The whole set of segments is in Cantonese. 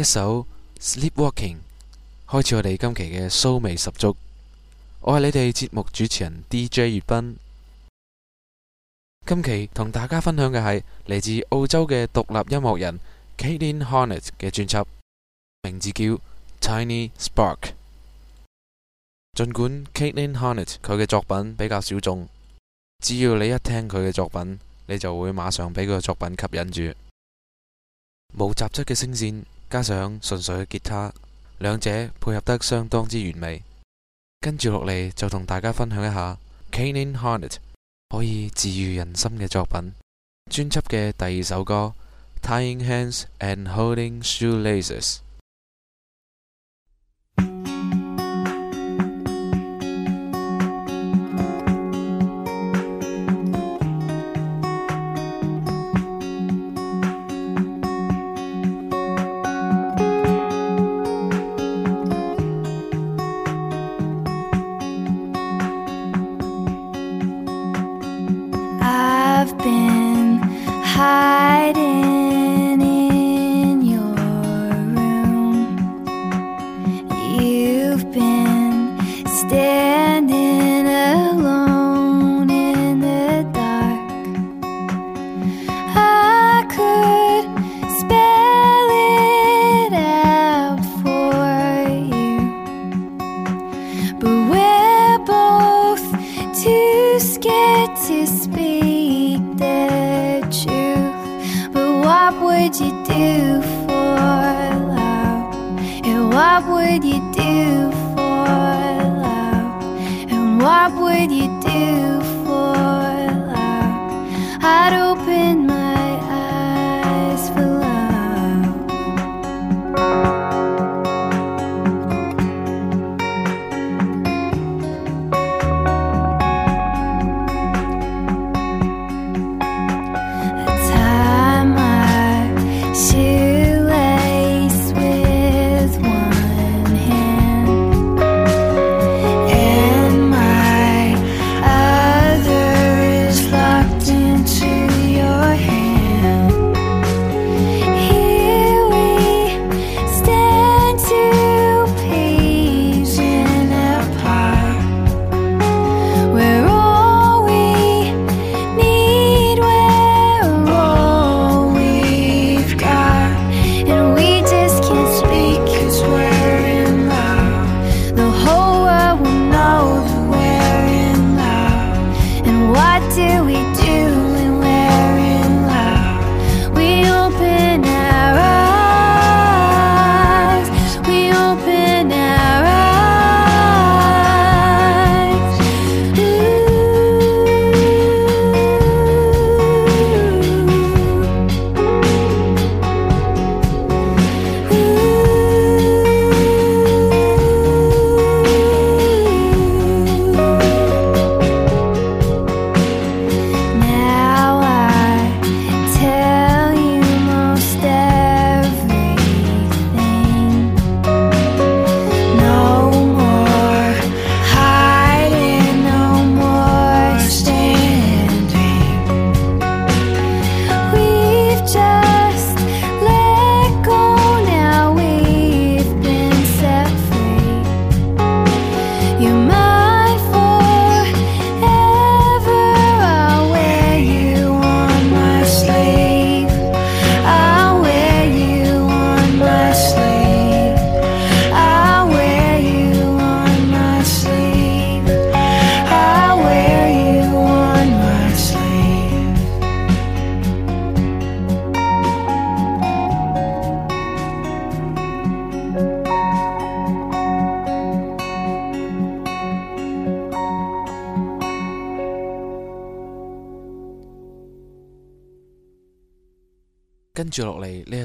一首《Sleepwalking》開始，我哋今期嘅騷味十足。我係你哋節目主持人 DJ 月斌。今期同大家分享嘅係嚟自澳洲嘅獨立音樂人 Caitlin Harnett 嘅專輯，名字叫《Tiny Spark》。盡管 Caitlin Harnett 佢嘅作品比較小眾，只要你一聽佢嘅作品，你就會馬上俾佢嘅作品吸引住。冇雜質嘅聲線。加上純粹嘅吉他，兩者配合得相當之完美。跟住落嚟就同大家分享一下 Caitlin Harnett 可以治愈人心嘅作品，專輯嘅第二首歌《Tying Hands and Holding Shoelaces》。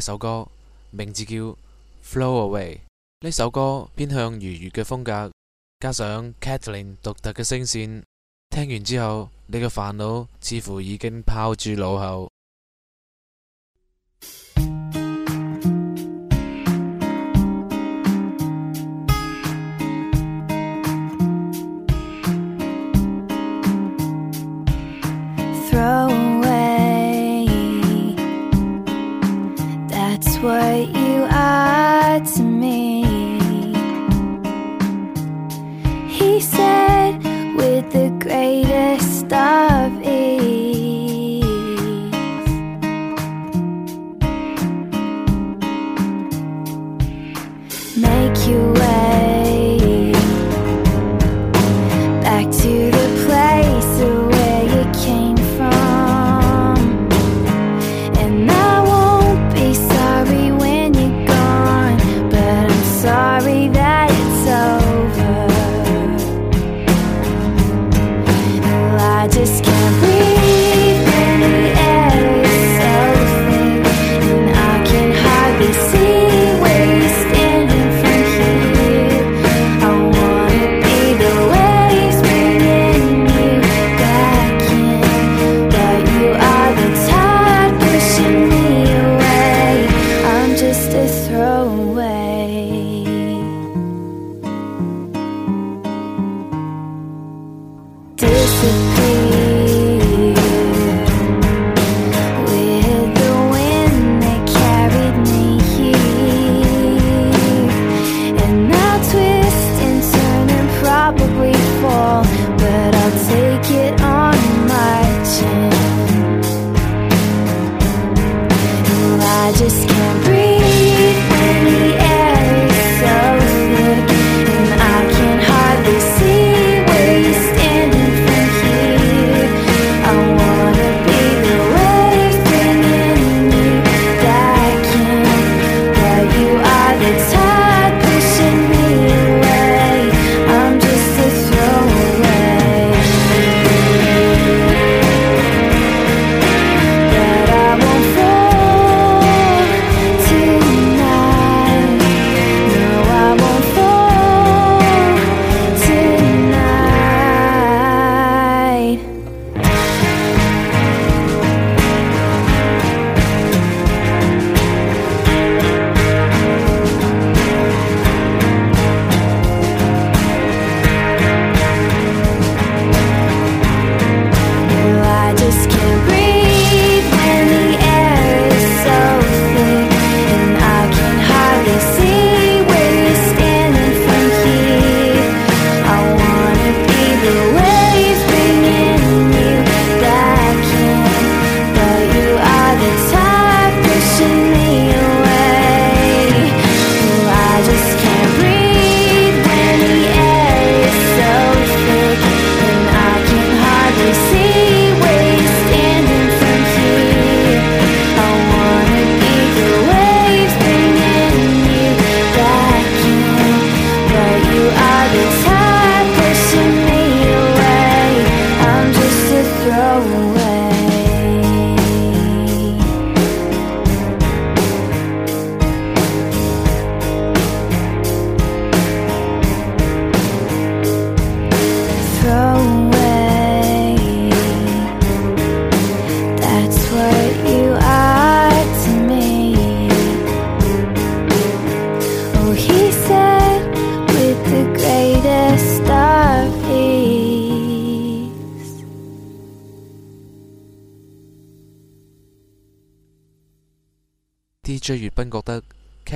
首歌名字叫《Flow Away》。呢首歌偏向愉悅嘅風格，加上 Caitlin 獨特嘅聲線，聽完之後你嘅煩惱似乎已經拋諸腦後。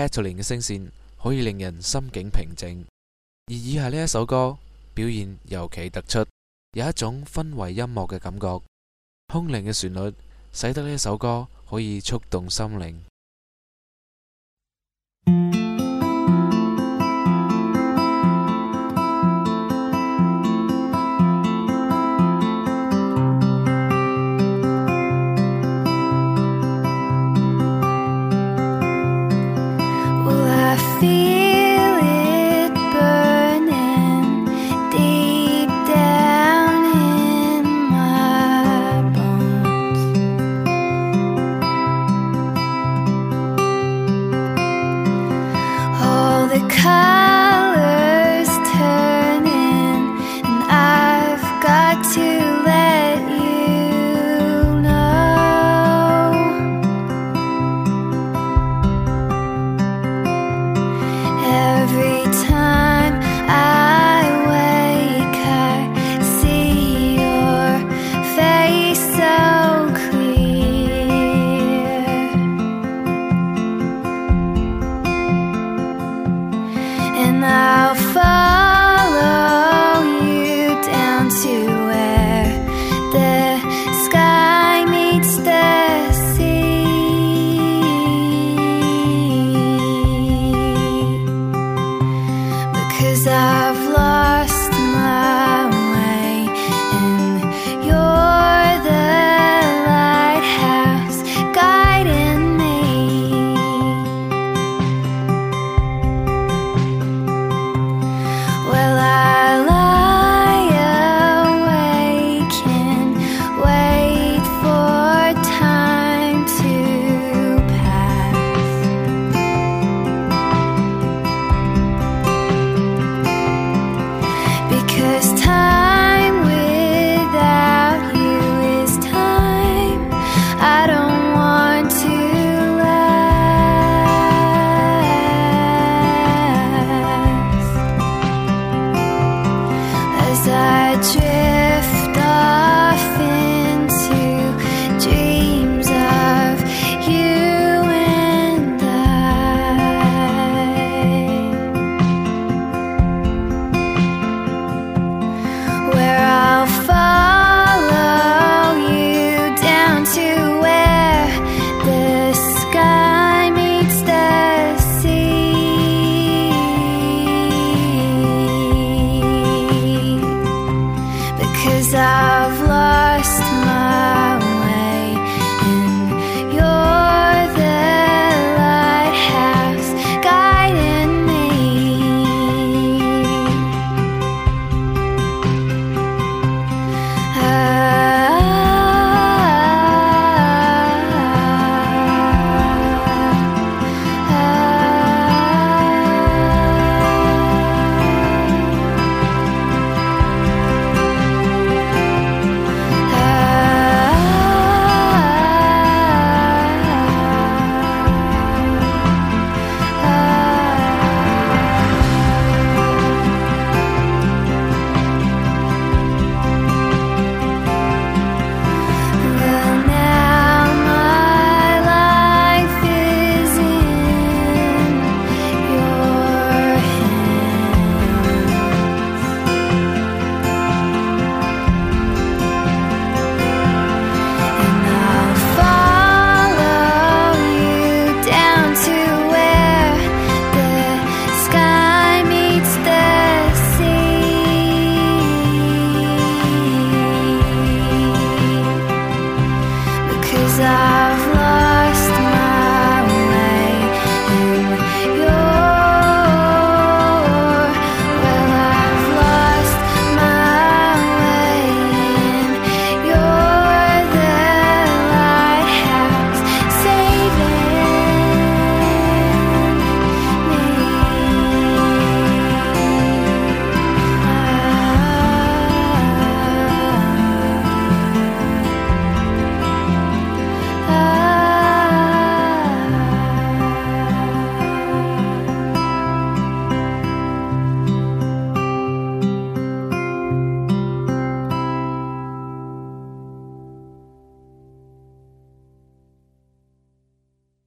作靈嘅聲線可以令人心境平靜，而以下呢一首歌表現尤其突出，有一種氛圍音樂嘅感覺。空靈嘅旋律使得呢一首歌可以觸動心靈。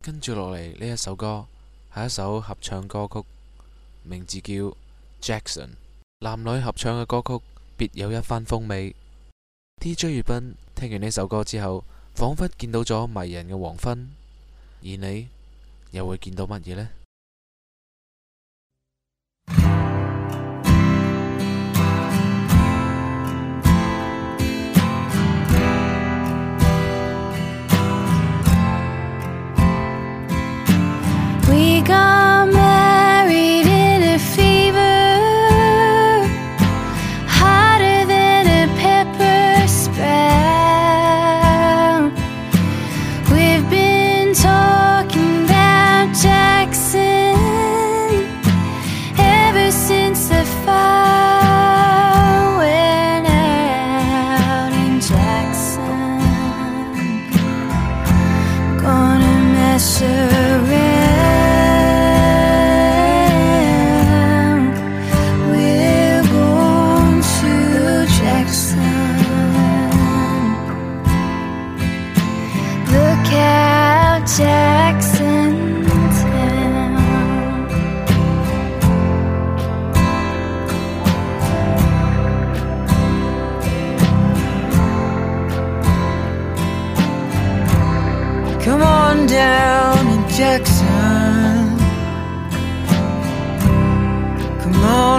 跟住落嚟呢一首歌係一首合唱歌曲，名字叫 Jackson。男女合唱嘅歌曲別有一番風味。DJ 月斌聽完呢首歌之後，仿佛見到咗迷人嘅黃昏，而你又會見到乜嘢呢？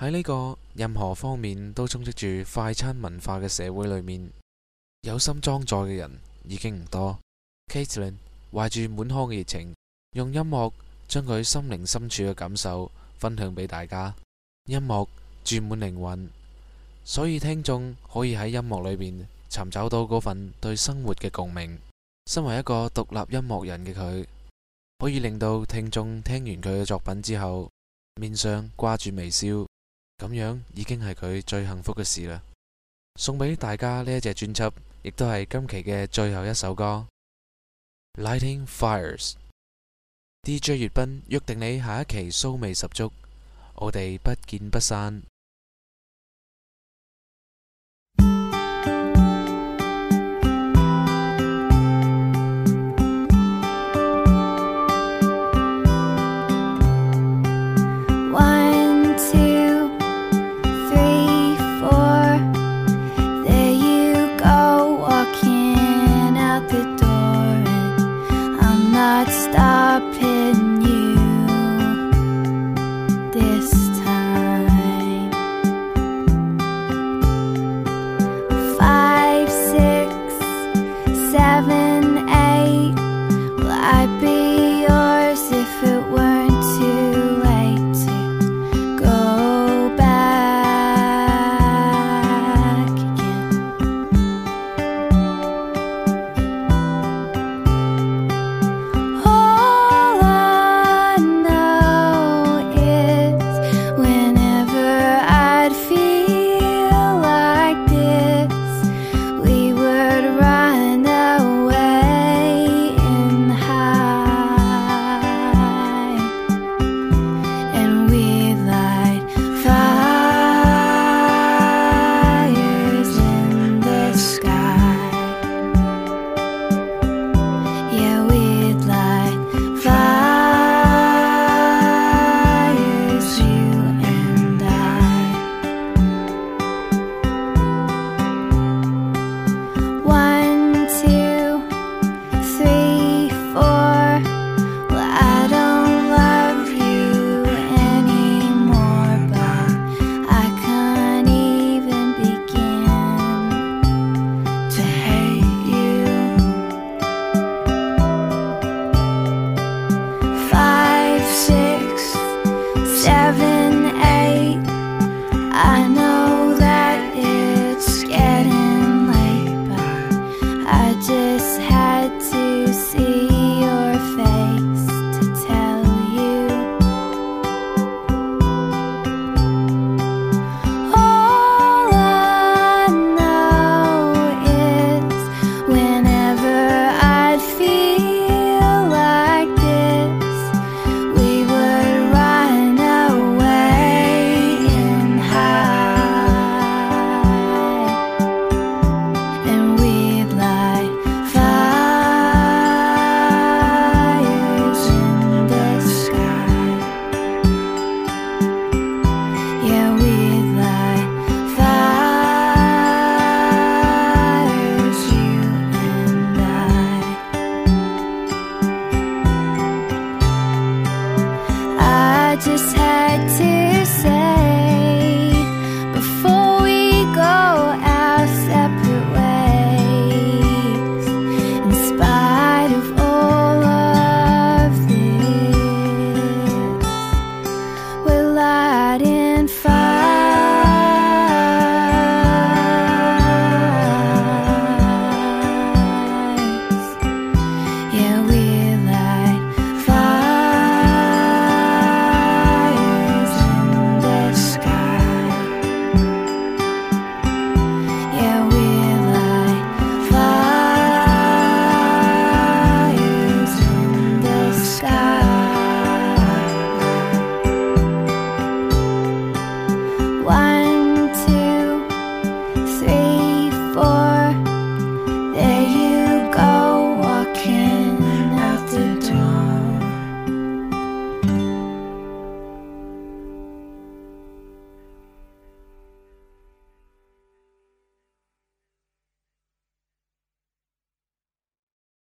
喺呢個任何方面都充斥住快餐文化嘅社會裏面，有心裝載嘅人已經唔多。Caitlin 懷住滿腔嘅熱情，用音樂將佢心靈深處嘅感受分享俾大家。音樂注滿靈魂，所以聽眾可以喺音樂裏面尋找到嗰份對生活嘅共鳴。身為一個獨立音樂人嘅佢，可以令到聽眾聽完佢嘅作品之後，面上掛住微笑。咁樣已經係佢最幸福嘅事啦！送俾大家呢一隻專輯，亦都係今期嘅最後一首歌《Lighting Fires》。DJ 月斌約定你下一期騷味十足，我哋不見不散。